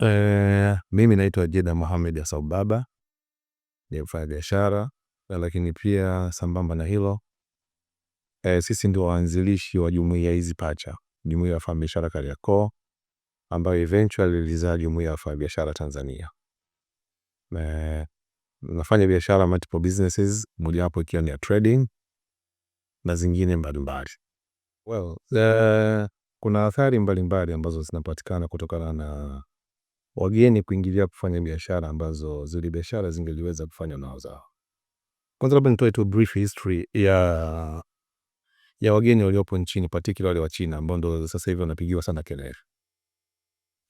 Eh, mimi naitwa Jeda Mohamed Asau Baba, ni mfanya biashara, lakini pia sambamba na hilo eh, sisi ndio waanzilishi wa jumuiya hizi pacha, jumuiya ya wafanyabiashara Kariakoo ambayo eventually ilizaa jumuiya ya wafanyabiashara Tanzania. Eh, nafanya biashara multiple businesses, moja mojawapo ikiwa ni ya trading na zingine mbalimbali. Well, e, kuna athari mbalimbali ambazo zinapatikana kutokana na wageni kuingilia kufanya biashara ambazo zile biashara zingeliweza kufanywa na wazao. Kwanza labda nitoe tu brief history ya ya wageni waliopo nchini particular wale wa China ambao ndo sasa hivi wanapigiwa sana kelele.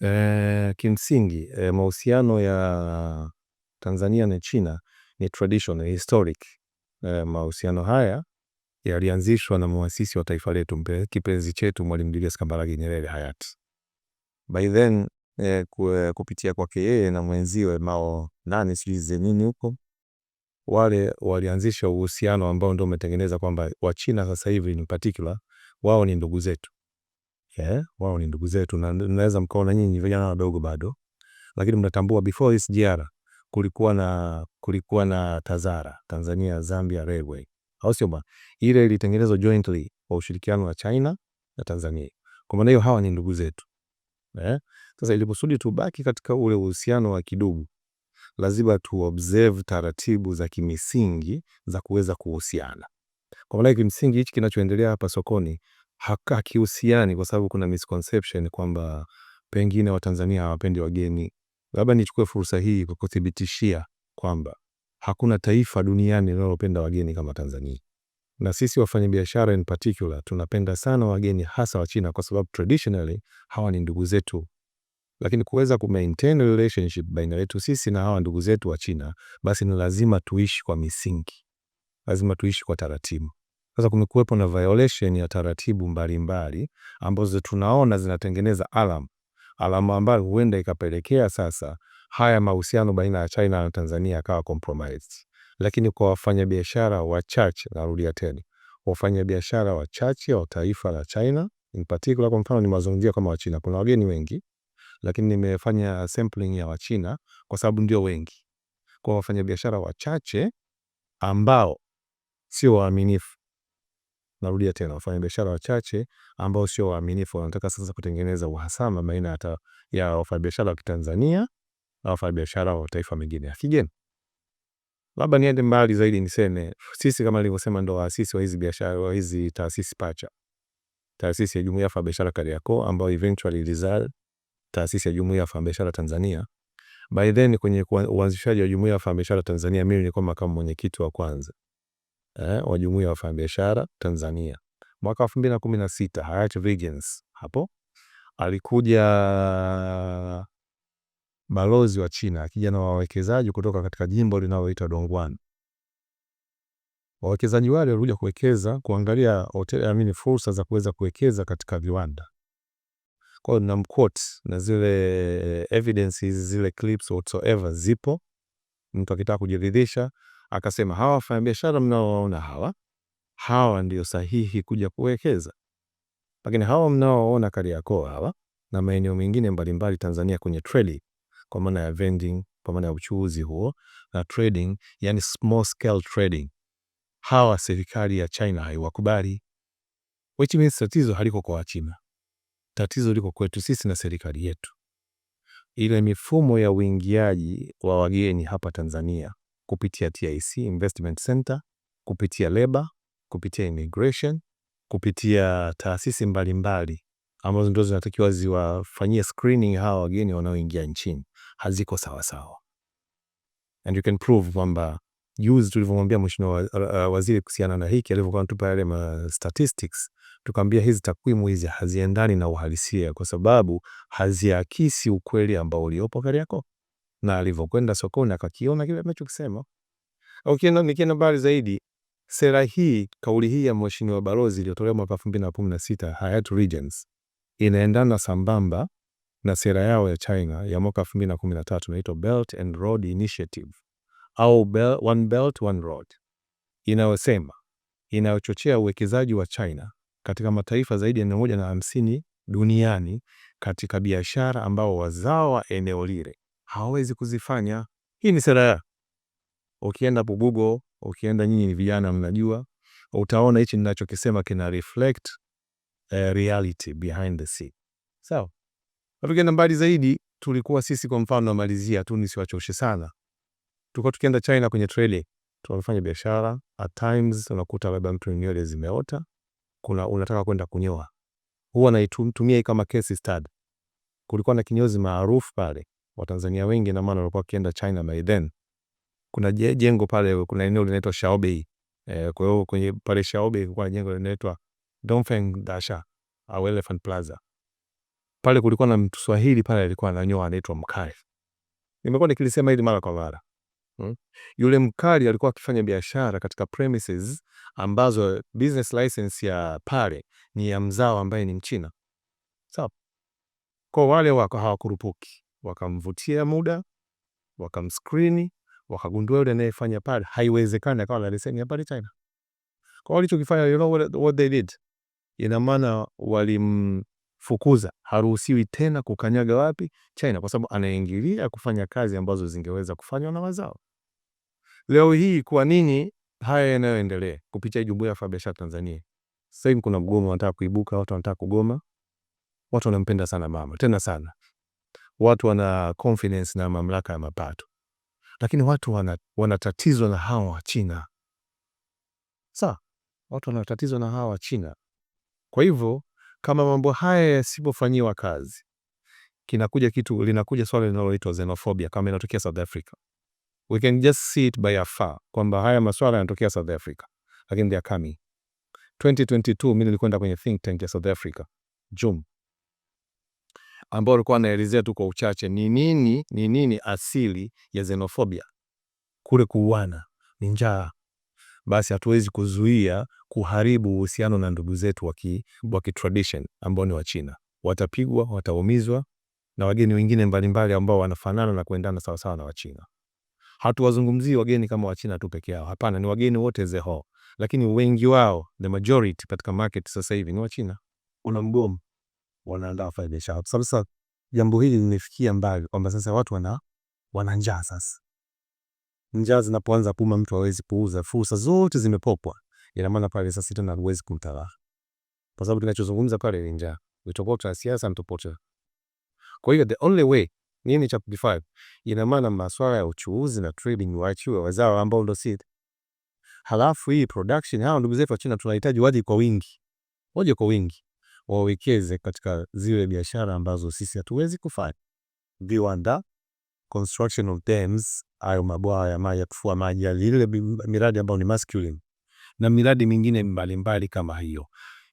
Eh, kimsingi e, mahusiano ya Tanzania na China ni traditional historic. E, mahusiano haya yalianzishwa na muasisi wa taifa letu kipenzi chetu Mwalimu Julius Kambarage Nyerere hayati. By then Eh, kupitia kwake yeye na mwenziwe Mao nani sijui Zenini huko, wale walianzisha uhusiano ambao ndio umetengeneza kwamba Wachina sasa hivi in particular wao ni ndugu zetu yeah, wao ni ndugu zetu, na naweza mkaona nyinyi vijana wadogo bado, lakini mnatambua before this JR kulikuwa na kulikuwa na Tazara Tanzania Zambia Railway, au sio bwana? Ile ilitengenezwa jointly kwa ushirikiano wa China na Tanzania. Kwa maana hiyo hawa ni ndugu zetu. Eh? Sasa ili kusudi tubaki katika ule uhusiano wa kidugu, lazima tu observe taratibu za kimisingi za kuweza kuhusiana. Kwa maana kimsingi hichi kinachoendelea hapa sokoni hakihusiani, kwa sababu kuna misconception kwamba pengine Watanzania hawapendi wageni. Labda nichukue fursa hii kukuthibitishia kwamba hakuna taifa duniani linalopenda wageni kama Tanzania na sisi wafanyabiashara in particular tunapenda sana wageni hasa wa China kwa sababu traditionally hawa ni ndugu zetu, lakini kuweza ku maintain relationship baina yetu sisi na hawa ndugu zetu wa China, basi ni lazima tuishi kwa misingi, lazima tuishi kwa taratibu. Sasa kumekuwepo na violation ya taratibu mbalimbali ambazo tunaona zinatengeneza alam alama ambayo huenda ikapelekea sasa haya mahusiano baina ya China na Tanzania yakawa compromised lakini kwa wafanyabiashara wachache, narudia tena, wafanyabiashara wachache wa taifa la China in particular, kwa mfano nimewazungumzia kama Wachina, kuna wageni wengi, lakini nimefanya sampling ya Wachina kwa sababu ndio wengi. Kwa wafanyabiashara wachache ambao sio waaminifu, narudia tena, wafanyabiashara wachache ambao sio waaminifu wanataka sasa kutengeneza uhasama baina ya wafanyabiashara wa Kitanzania na wafanyabiashara wa taifa mengine ya kigeni. Labda niende mbali zaidi niseme sisi kama nilivyosema ndo waasisi wa hizi biashara wa hizi taasisi pacha, taasisi ya Jumuiya ya Wafanyabiashara Kariakoo ambayo eventually ilizaa taasisi ya Jumuiya ya Wafanyabiashara Tanzania. By then kwenye uanzishaji wa Jumuiya ya Wafanyabiashara Tanzania mimi nilikuwa makamu mwenyekiti wa kwanza eh, wa Jumuiya ya Wafanyabiashara Tanzania mwaka 2016 Hayat Vigens hapo alikuja balozi wa China akija na wawekezaji kutoka katika jimbo linaloitwa Dongguan. Wawekezaji wale walikuja kuwekeza kuangalia hoteli, I mean, fursa za kuweza kuwekeza katika viwanda. Kwa hiyo na quote na zile evidences zile clips whatsoever zipo, mtu akitaka kujiridhisha akasema hawa wafanyabiashara mnaoona hawa hawa ndio sahihi kuja kuwekeza, lakini hawa mnaoona Kariakoo hawa na maeneo mengine mbalimbali Tanzania kwenye trade kwa maana ya vending, kwa maana ya uchuuzi huo na trading, yani small scale trading. Hawa serikali ya China haiwakubali, which means tatizo haliko kwa Wachina, tatizo liko kwetu sisi na serikali yetu. Ile mifumo ya uingiaji wa wageni hapa Tanzania kupitia TIC Investment Center, kupitia labor, kupitia immigration, kupitia taasisi mbalimbali ambazo ndio zinatakiwa ziwafanyie screening hawa wageni wanaoingia nchini haziko sawasawa, and you can prove kwamba juzi tulivyomwambia mheshimiwa waziri kuhusiana na hiki alivyokuwa anatupa yale ma statistics, tukamwambia hizi takwimu hizi haziendani na uhalisia, kwa sababu haziakisi ukweli ambao uliopo Kariakoo, na alivyokwenda sokoni akakiona kile amechokisema. Ukienda nikienda mbali zaidi, sera hii, kauli hii ya mheshimiwa balozi iliyotolewa mwaka 2016 Hayatu Regency inaendana sambamba na sera yao ya China ya mwaka 2013 inaitwa Belt and Road Initiative au Bel, One Belt One Road inayosema inayochochea uwekezaji wa China katika mataifa zaidi ya mia moja na hamsini duniani katika biashara ambao wazao wa eneo lile hawawezi kuzifanya. Hii ni sera ya ukienda po Google, ukienda nyinyi ni vijana mnajua, utaona hichi ninachokisema kina reflect uh, reality behind the scene. Sawa? So, tukienda mbali zaidi, tulikuwa sisi kwa mfano namalizia tu nisiwachoshe sana. Tulikuwa tukienda China kwenye treli, tunafanya biashara, at times unakuta labda mtu nywele zimeota, kuna unataka kwenda kunyoa. Huwa naitumia kama case study. Kulikuwa na kinyozi maarufu pale, Watanzania wengi na maana walikuwa wakienda China by then. Kuna jengo pale, kuna eneo linaitwa Shaobei. Eh, kwa hiyo kwenye pale Shaobei kulikuwa na jengo linaitwa Dongfeng Dasha au Elephant Plaza pale kulikuwa na mtu Swahili pale alikuwa ananyoa anaitwa Mkali. Nimekuwa nikilisema hili mara kwa mara. Hmm? Yule Mkali alikuwa akifanya biashara katika premises ambazo business license ya pale ni ya mzao ambaye ni Mchina. Sawa. Kwa wale wako hawakurupuki, wakamvutia muda, wakamskrini, wakagundua yule anayefanya pale haiwezekani akawa na leseni ya pale China. Kwa walichokifanya, you know what, what they did? Ina maana walim fukuza, haruhusiwi tena kukanyaga wapi? China, kwa sababu anaingilia kufanya kazi ambazo zingeweza kufanywa na wazao. Leo hii kwa nini haya yanayoendelea kupitia Jumuiya ya Wafanyabiashara Tanzania? Sasa hivi kuna mgomo wanataka kuibuka, watu wanataka kugoma. Watu wanampenda sana mama, tena sana. Watu wana confidence na mamlaka ya mapato, lakini watu wana, wanatatizwa na hawa wa China. Sawa, watu wanatatizwa na hawa wa China. Kwa hivyo kama mambo haya yasipofanyiwa kazi, kinakuja kitu, linakuja swala linaloitwa xenophobia kama inatokea South Africa. We can just see it by afar kwamba haya maswala yanatokea South Africa, lakini they are coming 2022. Mimi nilikwenda kwenye think tank ya South Africa JUM, ambao walikuwa wanaelezea tu kwa uchache ni nini, ni nini asili ya xenophobia. Kule kuuana ni njaa, basi hatuwezi kuzuia kuharibu uhusiano na ndugu zetu wa kitradition ambao ni Wachina. Watapigwa, wataumizwa na wageni wengine mbalimbali ambao wanafanana na kuendana sawasawa na Wachina. Hatuwazungumzii wageni kama Wachina tu peke yao, hapana, ni wageni wote zeho, lakini wengi wao, the majority katika market sasa hivi ni Wachina. Una mgomo, wanaandaa wafanya biashara. Sasa jambo hili limefikia mbali kwamba sasa watu wana wana njaa sasa. Njaa zinapoanza puma, mtu hawezi kuuza, fursa zote zimepopwa ina maana pale sasa tena huwezi kumtalaa, kwa sababu tunachozungumza pale ni njaa, utofauti wa siasa mtopotea. Kwa hiyo the only way nini cha 5 ina maana masuala ya uchuuzi na trading waachiwe wazao ambao ndo sisi. Halafu hii production, hao ndugu zetu wa China tunahitaji waje kwa wingi, waje kwa wingi wawekeze katika zile biashara ambazo sisi hatuwezi kufanya, viwanda, construction of dams, ayo mabwawa ya maji ya kufua maji, lile miradi ambayo ni masculine na miradi mingine mbalimbali mbali kama hiyo.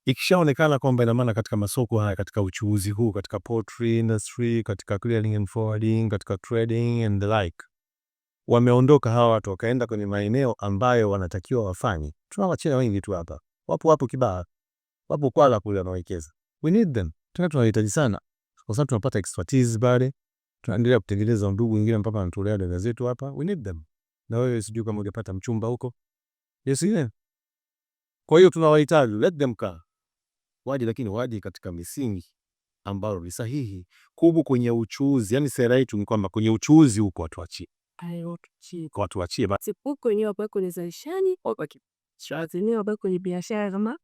Ikishaonekana kwamba ina maana katika masoko haya, katika uchuuzi huu, katika poultry industry, katika clearing and forwarding, katika trading and the like, wameondoka hawa watu wakaenda kwenye maeneo ambayo wanatakiwa wafanye. Tuna wachina wengi tu hapa, wapo wapo kibaa, wapo Kwala kule wanawekeza. We need them tena, tunawahitaji sana kwa sababu tunapata expertise bale, tunaendelea kutengeneza ndugu wengine mpaka anatolea dada zetu hapa. We need them. Na wewe sijui kama ungepata mchumba huko, yes, yeah. Kwa hiyo tunawahitaji, let them come waje, lakini waje katika misingi ambayo ni sahihi. Kubu kwenye uchuuzi, yani sera yetu ni kwamba kwenye uchuuzi huko watuachie, watuachie kwenye biashara kama,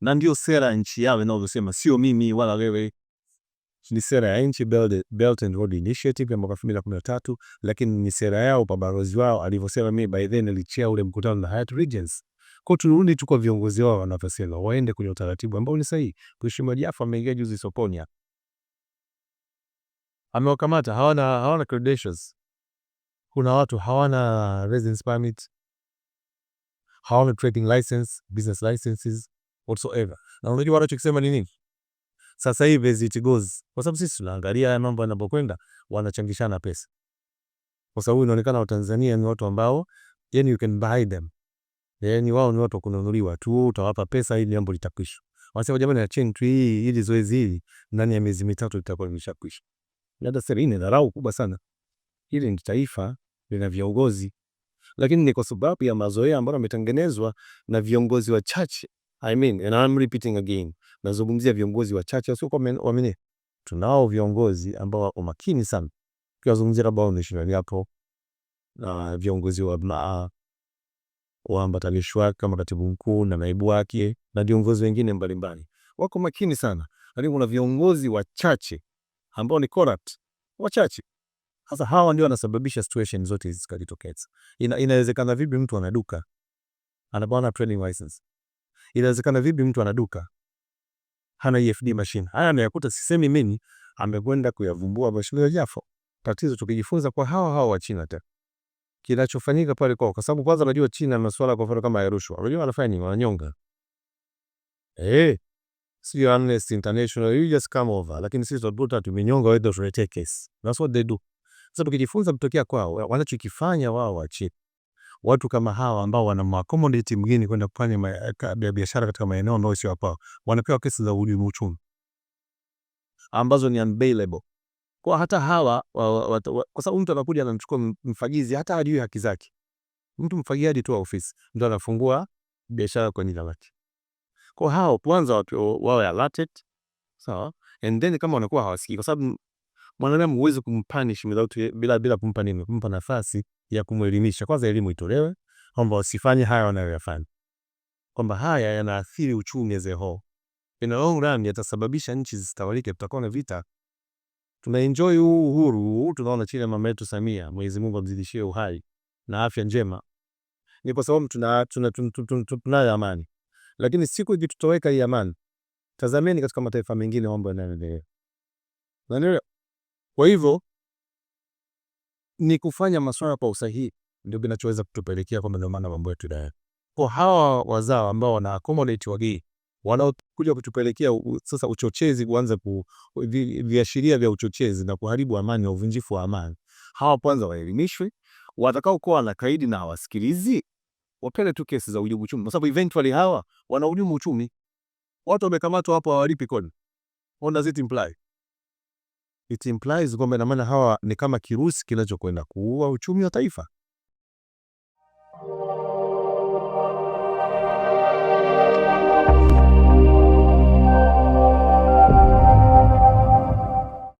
na ndio sera nchi yao inavyosema, sio mimi wala wewe ni sera ya nchi Belt and Road Initiative ya mwaka 2013, lakini ni sera yao pa balozi wao alivyosema, mimi by then nilichea ule mkutano na Hyatt Regency kwa turudi tu kwa viongozi wao wanavyosema, waende kwenye utaratibu ambao ni sahihi. Mheshimiwa Jafo ameingia juzi sokoni hapa, amewakamata hawana, hawana credentials. Kuna watu hawana residence permit, hawana trading license, business licenses whatsoever. Na unajua wanachokisema ni nini? Sasa hivi as it goes, kwa sababu sisi tunaangalia haya mambo yanapokwenda, wanachangishana pesa, kwa sababu inaonekana Watanzania ni watu ambao yani you can buy them yaani wao ni watu wa kununuliwa tu, utawapa pesa ili jambo litakwisha. Wanasema jamani, acheni tu hii ili zoezi hili ndani ya miezi mitatu litakuwa limeshakwisha. Labda siri ni dharau kubwa sana. Hili ni taifa lina viongozi, lakini ni kwa sababu ya mazoea ambayo yametengenezwa na viongozi wachache. I mean, and I'm repeating again, nazungumzia viongozi wachache wasio waamini. Tunao viongozi ambao wako makini sana, kiwazungumzia labda wao ni shirika hapo na viongozi wa maa, waambatanishwa kama katibu mkuu na naibu wake na viongozi wengine mbalimbali. Wako makini sana, lakini kuna viongozi wachache ambao ni corrupt, wachache. Sasa hawa ndio wanasababisha situation zote hizi zikajitokeza. Ina, inawezekana vipi mtu ana duka anapewa training license? Inawezekana vipi mtu ana duka hana EFD machine? Haya anayakuta, sisemi mimi, amekwenda kuyavumbua mashule ya Jafo. Tatizo tukijifunza kwa hawa hawa wa China tena kinachofanyika pale kwao, kwa sababu kwanza unajua China masuala kwa mfano kama ya rushwa, unajua wanafanya nini? Wananyonga eh, sio Amnesty International, you just come over, lakini sisi tutabuta tumenyonga wewe, ndio tuletee kesi. That's what they do. Sasa tukijifunza kutokea kwao, wanachokifanya wao wa China, watu kama hawa ambao wana accommodate mgeni kwenda kufanya eh, biashara katika maeneo ambayo sio hapa, wanapewa kesi za uhujumu uchumi ambazo ni unbailable kwa hata hawa wa, wa, wa, wa, kwa sababu mtu anakuja anamchukua mfagizi, hata hajui haki zake. Mtu mfagiaji tu wa ofisi ndo anafungua biashara kwa jina lake. Kwa hao kwanza wawe alerted, sawa, and then kama wanakuwa hawasikii, kwa sababu mwanadamu huwezi kumpunish without bila bila kumpa nini, kumpa nafasi ya kumwelimisha. Kwanza elimu itolewe kwamba usifanye haya wanayoyafanya, kwamba haya yanaathiri uchumi as a whole, in the long run yatasababisha nchi zisitawalike, tutakuwa na vita Tunaenjoy huu uhuru huu tunaona chini ya mama yetu Samia, Mwenyezi Mungu amzidishie uhai na afya njema, ni kwa sababu tuna tuna tunayo amani. Lakini siku ikitutoweka hii amani, tazameni katika mataifa mengine mambo yanayoendelea. Unaelewa? Kwa hivyo ni kufanya masuala kwa usahihi ndio kinachoweza kutupelekea kwa maana mambo yetu. Kwa hawa wazao ambao wana accommodate wageni wanaokuja kutupelekea sasa uchochezi kuanza ku, viashiria vya uchochezi na kuharibu amani na uvunjifu wa amani. Hawa kwanza waelimishwe, watakao kuwa na kaidi na wasikilizi wapele tu kesi za uhujumu uchumi, kwa sababu eventually hawa wanahujumu uchumi. Watu wamekamatwa hapo hawalipi kodi. What does it imply? It implies kwamba na maana hawa ni kama kirusi kinachokwenda kuua uchumi wa taifa.